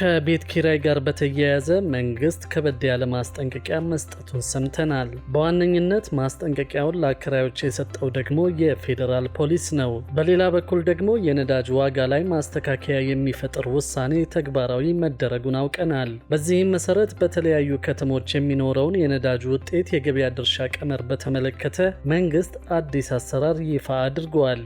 ከቤት ኪራይ ጋር በተያያዘ መንግስት ከበድ ያለ ማስጠንቀቂያ መስጠቱን ሰምተናል። በዋነኝነት ማስጠንቀቂያውን ለአከራዮች የሰጠው ደግሞ የፌዴራል ፖሊስ ነው። በሌላ በኩል ደግሞ የነዳጅ ዋጋ ላይ ማስተካከያ የሚፈጥር ውሳኔ ተግባራዊ መደረጉን አውቀናል። በዚህም መሰረት በተለያዩ ከተሞች የሚኖረውን የነዳጅ ውጤት የገበያ ድርሻ ቀመር በተመለከተ መንግስት አዲስ አሰራር ይፋ አድርጓል።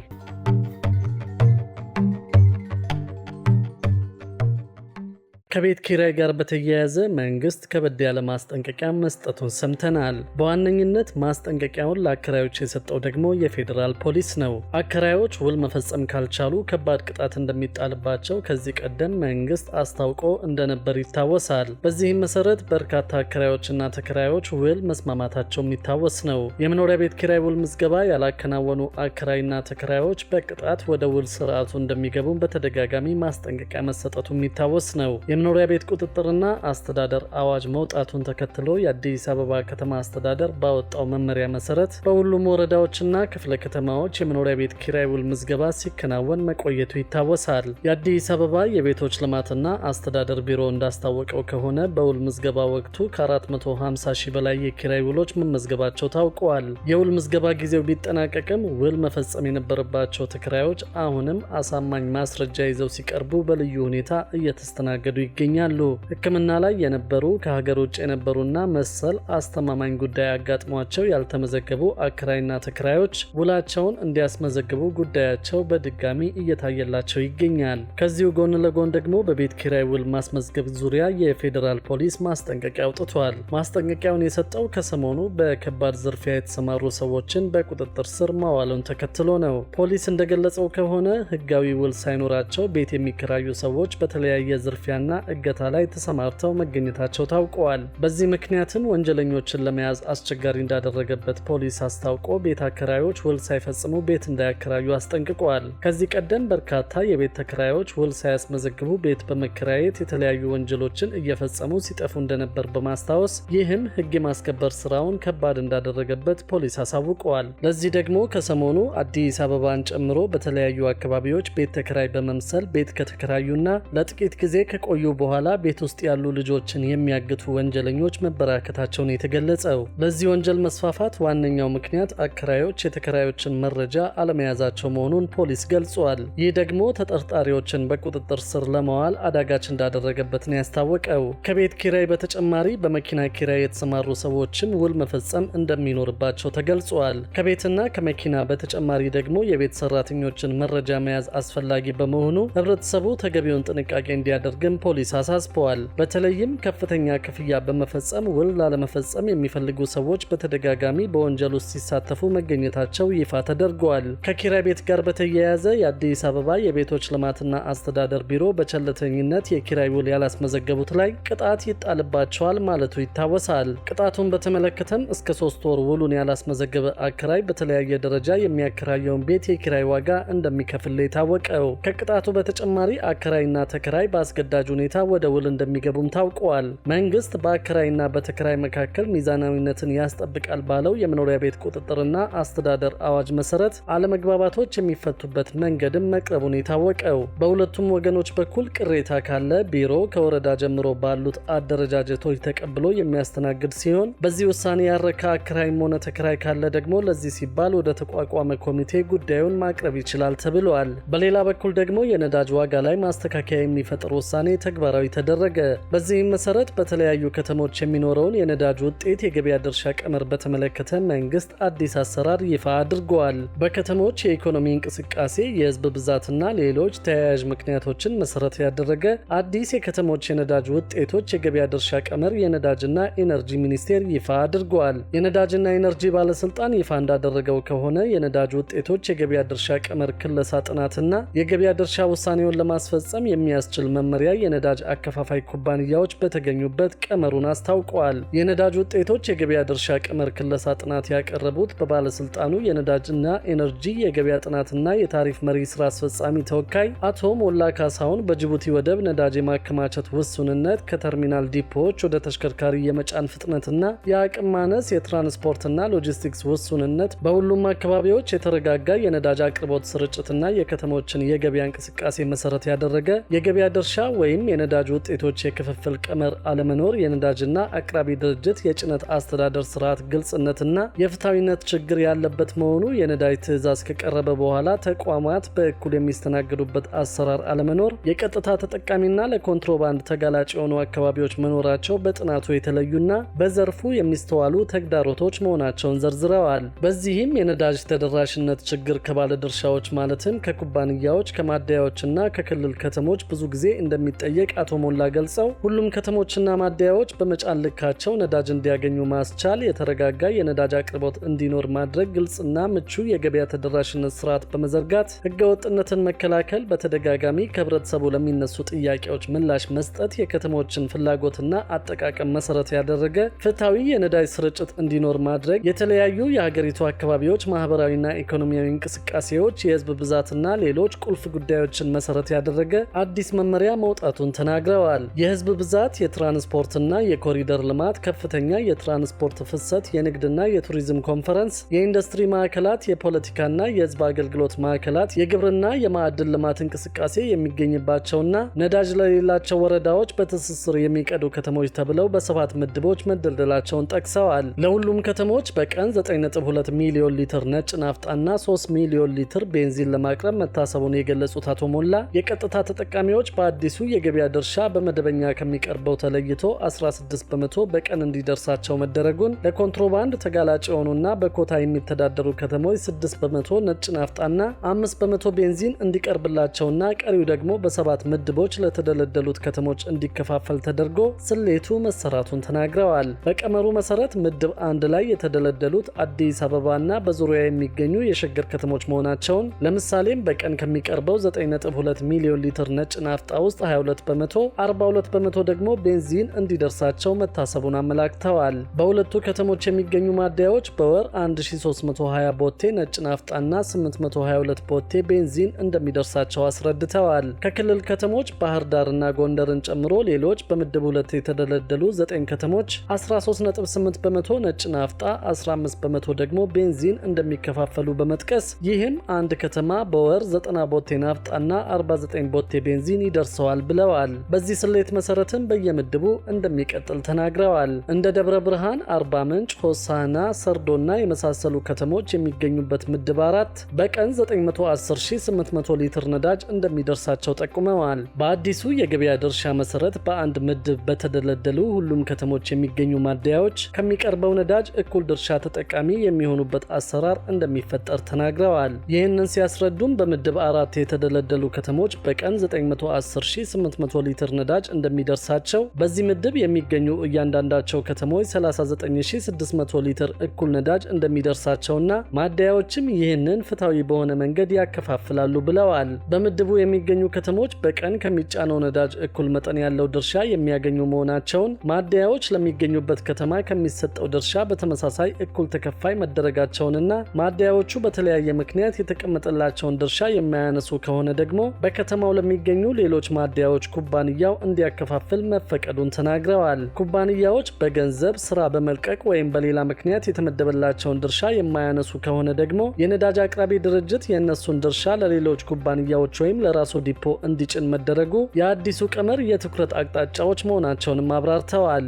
ከቤት ኪራይ ጋር በተያያዘ መንግስት ከበድ ያለ ማስጠንቀቂያ መስጠቱን ሰምተናል። በዋነኝነት ማስጠንቀቂያውን ለአከራዮች የሰጠው ደግሞ የፌዴራል ፖሊስ ነው። አከራዮች ውል መፈጸም ካልቻሉ ከባድ ቅጣት እንደሚጣልባቸው ከዚህ ቀደም መንግስት አስታውቆ እንደነበር ይታወሳል። በዚህም መሰረት በርካታ አከራዮችና ተከራዮች ውል መስማማታቸው የሚታወስ ነው። የመኖሪያ ቤት ኪራይ ውል ምዝገባ ያላከናወኑ አከራይና ተከራዮች በቅጣት ወደ ውል ስርዓቱ እንደሚገቡ በተደጋጋሚ ማስጠንቀቂያ መሰጠቱ የሚታወስ ነው። የመኖሪያ ቤት ቁጥጥርና አስተዳደር አዋጅ መውጣቱን ተከትሎ የአዲስ አበባ ከተማ አስተዳደር ባወጣው መመሪያ መሰረት በሁሉም ወረዳዎችና ክፍለ ከተማዎች የመኖሪያ ቤት ኪራይ ውል ምዝገባ ሲከናወን መቆየቱ ይታወሳል። የአዲስ አበባ የቤቶች ልማትና አስተዳደር ቢሮ እንዳስታወቀው ከሆነ በውል ምዝገባ ወቅቱ ከ450 ሺህ በላይ የኪራይ ውሎች መመዝገባቸው ታውቋል። የውል ምዝገባ ጊዜው ቢጠናቀቅም ውል መፈጸም የነበረባቸው ተከራዮች አሁንም አሳማኝ ማስረጃ ይዘው ሲቀርቡ በልዩ ሁኔታ እየተስተናገዱ ይገኛሉ። ሕክምና ላይ የነበሩ ከሀገር ውጭ የነበሩና መሰል አስተማማኝ ጉዳይ አጋጥሟቸው ያልተመዘገቡ አከራይና ተከራዮች ውላቸውን እንዲያስመዘግቡ ጉዳያቸው በድጋሚ እየታየላቸው ይገኛል። ከዚሁ ጎን ለጎን ደግሞ በቤት ኪራይ ውል ማስመዝገብ ዙሪያ የፌዴራል ፖሊስ ማስጠንቀቂያ አውጥቷል። ማስጠንቀቂያውን የሰጠው ከሰሞኑ በከባድ ዝርፊያ የተሰማሩ ሰዎችን በቁጥጥር ስር ማዋሉን ተከትሎ ነው። ፖሊስ እንደገለጸው ከሆነ ሕጋዊ ውል ሳይኖራቸው ቤት የሚከራዩ ሰዎች በተለያየ ዝርፊያና እገታ ላይ ተሰማርተው መገኘታቸው ታውቀዋል። በዚህ ምክንያትም ወንጀለኞችን ለመያዝ አስቸጋሪ እንዳደረገበት ፖሊስ አስታውቆ ቤት አከራዮች ውል ሳይፈጽሙ ቤት እንዳያከራዩ አስጠንቅቋል። ከዚህ ቀደም በርካታ የቤት ተከራዮች ውል ሳያስመዘግቡ ቤት በመከራየት የተለያዩ ወንጀሎችን እየፈጸሙ ሲጠፉ እንደነበር በማስታወስ ይህም ሕግ የማስከበር ስራውን ከባድ እንዳደረገበት ፖሊስ አሳውቀዋል። ለዚህ ደግሞ ከሰሞኑ አዲስ አበባን ጨምሮ በተለያዩ አካባቢዎች ቤት ተከራይ በመምሰል ቤት ከተከራዩና ለጥቂት ጊዜ ከቆዩ በኋላ ቤት ውስጥ ያሉ ልጆችን የሚያግቱ ወንጀለኞች መበራከታቸውን የተገለጸው። ለዚህ ወንጀል መስፋፋት ዋነኛው ምክንያት አከራዮች የተከራዮችን መረጃ አለመያዛቸው መሆኑን ፖሊስ ገልጿል። ይህ ደግሞ ተጠርጣሪዎችን በቁጥጥር ስር ለመዋል አዳጋች እንዳደረገበት ነው ያስታወቀው። ከቤት ኪራይ በተጨማሪ በመኪና ኪራይ የተሰማሩ ሰዎችም ውል መፈጸም እንደሚኖርባቸው ተገልጿል። ከቤትና ከመኪና በተጨማሪ ደግሞ የቤት ሰራተኞችን መረጃ መያዝ አስፈላጊ በመሆኑ ህብረተሰቡ ተገቢውን ጥንቃቄ እንዲያደርግም ፖሊስ ፖሊስ አሳስበዋል። በተለይም ከፍተኛ ክፍያ በመፈጸም ውል ላለመፈጸም የሚፈልጉ ሰዎች በተደጋጋሚ በወንጀል ውስጥ ሲሳተፉ መገኘታቸው ይፋ ተደርገዋል። ከኪራይ ቤት ጋር በተያያዘ የአዲስ አበባ የቤቶች ልማትና አስተዳደር ቢሮ በቸለተኝነት የኪራይ ውል ያላስመዘገቡት ላይ ቅጣት ይጣልባቸዋል ማለቱ ይታወሳል። ቅጣቱን በተመለከተም እስከ ሶስት ወር ውሉን ያላስመዘገበ አከራይ በተለያየ ደረጃ የሚያከራየውን ቤት የኪራይ ዋጋ እንደሚከፍል የታወቀው ከቅጣቱ በተጨማሪ አከራይና ተከራይ በአስገዳጅ ሁኔታ ወደ ውል እንደሚገቡም ታውቀዋል። መንግስት በአከራይና በተከራይ መካከል ሚዛናዊነትን ያስጠብቃል ባለው የመኖሪያ ቤት ቁጥጥርና አስተዳደር አዋጅ መሰረት አለመግባባቶች የሚፈቱበት መንገድም መቅረቡን የታወቀው በሁለቱም ወገኖች በኩል ቅሬታ ካለ ቢሮ ከወረዳ ጀምሮ ባሉት አደረጃጀቶች ተቀብሎ የሚያስተናግድ ሲሆን በዚህ ውሳኔ ያረካ አከራይም ሆነ ተከራይ ካለ ደግሞ ለዚህ ሲባል ወደ ተቋቋመ ኮሚቴ ጉዳዩን ማቅረብ ይችላል ተብሏል። በሌላ በኩል ደግሞ የነዳጅ ዋጋ ላይ ማስተካከያ የሚፈጥር ውሳኔ ተግባራዊ ተደረገ። በዚህም መሰረት በተለያዩ ከተሞች የሚኖረውን የነዳጅ ውጤት የገበያ ድርሻ ቀመር በተመለከተ መንግስት አዲስ አሰራር ይፋ አድርገዋል። በከተሞች የኢኮኖሚ እንቅስቃሴ፣ የህዝብ ብዛትና ሌሎች ተያያዥ ምክንያቶችን መሰረት ያደረገ አዲስ የከተሞች የነዳጅ ውጤቶች የገበያ ድርሻ ቀመር የነዳጅና ኢነርጂ ሚኒስቴር ይፋ አድርገዋል። የነዳጅና ኢነርጂ ባለስልጣን ይፋ እንዳደረገው ከሆነ የነዳጅ ውጤቶች የገበያ ድርሻ ቀመር ክለሳ ጥናትና የገበያ ድርሻ ውሳኔውን ለማስፈጸም የሚያስችል መመሪያ የነዳጅ አከፋፋይ ኩባንያዎች በተገኙበት ቀመሩን አስታውቀዋል። የነዳጅ ውጤቶች የገበያ ድርሻ ቀመር ክለሳ ጥናት ያቀረቡት በባለስልጣኑ የነዳጅና ኤነርጂ የገበያ ጥናትና የታሪፍ መሪ ስራ አስፈጻሚ ተወካይ አቶ ሞላ ካሳሁን በጅቡቲ ወደብ ነዳጅ የማከማቸት ውሱንነት ከተርሚናል ዲፖዎች ወደ ተሽከርካሪ የመጫን ፍጥነትና የአቅም ማነስ፣ የትራንስፖርትና ሎጂስቲክስ ውሱንነት፣ በሁሉም አካባቢዎች የተረጋጋ የነዳጅ አቅርቦት ስርጭትና የከተሞችን የገበያ እንቅስቃሴ መሰረት ያደረገ የገበያ ድርሻ ወይም የነዳጅ ውጤቶች የክፍፍል ቀመር አለመኖር፣ የነዳጅና አቅራቢ ድርጅት የጭነት አስተዳደር ስርዓት ግልጽነትና የፍትሐዊነት ችግር ያለበት መሆኑ፣ የነዳጅ ትዕዛዝ ከቀረበ በኋላ ተቋማት በእኩል የሚስተናገዱበት አሰራር አለመኖር፣ የቀጥታ ተጠቃሚና ለኮንትሮባንድ ተጋላጭ የሆኑ አካባቢዎች መኖራቸው በጥናቱ የተለዩና በዘርፉ የሚስተዋሉ ተግዳሮቶች መሆናቸውን ዘርዝረዋል። በዚህም የነዳጅ ተደራሽነት ችግር ከባለድርሻዎች ማለትም ከኩባንያዎች ከማደያዎችና ከክልል ከተሞች ብዙ ጊዜ እንደሚጠየቅ በመጠየቅ አቶ ሞላ ገልጸው ሁሉም ከተሞችና ማደያዎች በመጫን ልካቸው ነዳጅ እንዲያገኙ ማስቻል፣ የተረጋጋ የነዳጅ አቅርቦት እንዲኖር ማድረግ፣ ግልጽና ምቹ የገበያ ተደራሽነት ስርዓት በመዘርጋት ህገወጥነትን መከላከል፣ በተደጋጋሚ ከህብረተሰቡ ለሚነሱ ጥያቄዎች ምላሽ መስጠት፣ የከተሞችን ፍላጎትና አጠቃቀም መሰረት ያደረገ ፍትሐዊ የነዳጅ ስርጭት እንዲኖር ማድረግ፣ የተለያዩ የሀገሪቱ አካባቢዎች ማህበራዊና ኢኮኖሚያዊ እንቅስቃሴዎች፣ የህዝብ ብዛትና ሌሎች ቁልፍ ጉዳዮችን መሰረት ያደረገ አዲስ መመሪያ መውጣቱን መሆኑን ተናግረዋል። የህዝብ ብዛት፣ የትራንስፖርትና የኮሪደር ልማት፣ ከፍተኛ የትራንስፖርት ፍሰት፣ የንግድና የቱሪዝም ኮንፈረንስ፣ የኢንዱስትሪ ማዕከላት፣ የፖለቲካና የህዝብ አገልግሎት ማዕከላት፣ የግብርና የማዕድን ልማት እንቅስቃሴ የሚገኝባቸውና ነዳጅ ለሌላቸው ወረዳዎች በትስስር የሚቀዱ ከተሞች ተብለው በሰባት ምድቦች መደልደላቸውን ጠቅሰዋል። ለሁሉም ከተሞች በቀን 9.2 ሚሊዮን ሊትር ነጭ ናፍጣና 3 ሚሊዮን ሊትር ቤንዚን ለማቅረብ መታሰቡን የገለጹት አቶ ሞላ የቀጥታ ተጠቃሚዎች በአዲሱ የገቢ የገበያ ድርሻ በመደበኛ ከሚቀርበው ተለይቶ 16 በመቶ በቀን እንዲደርሳቸው መደረጉን፣ ለኮንትሮባንድ ተጋላጭ የሆኑና በኮታ የሚተዳደሩ ከተሞች 6 በመቶ ነጭ ናፍጣና 5 በመቶ ቤንዚን እንዲቀርብላቸውና ቀሪው ደግሞ በሰባት ምድቦች ለተደለደሉት ከተሞች እንዲከፋፈል ተደርጎ ስሌቱ መሰራቱን ተናግረዋል። በቀመሩ መሰረት ምድብ አንድ ላይ የተደለደሉት አዲስ አበባና በዙሪያ የሚገኙ የሸገር ከተሞች መሆናቸውን ለምሳሌም በቀን ከሚቀርበው 9.2 ሚሊዮን ሊትር ነጭ ናፍጣ ውስጥ 22 በመቶ 42 በመቶ ደግሞ ቤንዚን እንዲደርሳቸው መታሰቡን አመላክተዋል። በሁለቱ ከተሞች የሚገኙ ማደያዎች በወር 1320 ቦቴ ነጭ ናፍጣና 822 ቦቴ ቤንዚን እንደሚደርሳቸው አስረድተዋል። ከክልል ከተሞች ባህር ዳርና ጎንደርን ጨምሮ ሌሎች በምድብ ሁለት የተደለደሉ 9 ከተሞች 138 በመቶ ነጭ ናፍጣ 15 በመቶ ደግሞ ቤንዚን እንደሚከፋፈሉ በመጥቀስ ይህም አንድ ከተማ በወር 90 ቦቴ ናፍጣና 49 ቦቴ ቤንዚን ይደርሰዋል ብለዋል። ገልጸዋል። በዚህ ስሌት መሰረትም በየምድቡ እንደሚቀጥል ተናግረዋል። እንደ ደብረ ብርሃን፣ አርባ ምንጭ፣ ሆሳና፣ ሰርዶና የመሳሰሉ ከተሞች የሚገኙበት ምድብ አራት በቀን 910800 ሊትር ነዳጅ እንደሚደርሳቸው ጠቁመዋል። በአዲሱ የገበያ ድርሻ መሰረት በአንድ ምድብ በተደለደሉ ሁሉም ከተሞች የሚገኙ ማደያዎች ከሚቀርበው ነዳጅ እኩል ድርሻ ተጠቃሚ የሚሆኑበት አሰራር እንደሚፈጠር ተናግረዋል። ይህንን ሲያስረዱም በምድብ አራት የተደለደሉ ከተሞች በቀን 918 400 ሊትር ነዳጅ እንደሚደርሳቸው፣ በዚህ ምድብ የሚገኙ እያንዳንዳቸው ከተሞች 39600 ሊትር እኩል ነዳጅ እንደሚደርሳቸውና ማደያዎችም ይህንን ፍትሐዊ በሆነ መንገድ ያከፋፍላሉ ብለዋል። በምድቡ የሚገኙ ከተሞች በቀን ከሚጫነው ነዳጅ እኩል መጠን ያለው ድርሻ የሚያገኙ መሆናቸውን፣ ማደያዎች ለሚገኙበት ከተማ ከሚሰጠው ድርሻ በተመሳሳይ እኩል ተከፋይ መደረጋቸውንና ማደያዎቹ በተለያየ ምክንያት የተቀመጠላቸውን ድርሻ የማያነሱ ከሆነ ደግሞ በከተማው ለሚገኙ ሌሎች ማደያዎች ኩባንያው እንዲያከፋፍል መፈቀዱን ተናግረዋል። ኩባንያዎች በገንዘብ ስራ በመልቀቅ ወይም በሌላ ምክንያት የተመደበላቸውን ድርሻ የማያነሱ ከሆነ ደግሞ የነዳጅ አቅራቢ ድርጅት የእነሱን ድርሻ ለሌሎች ኩባንያዎች ወይም ለራሱ ዲፖ እንዲጭን መደረጉ የአዲሱ ቀመር የትኩረት አቅጣጫዎች መሆናቸውንም አብራርተዋል።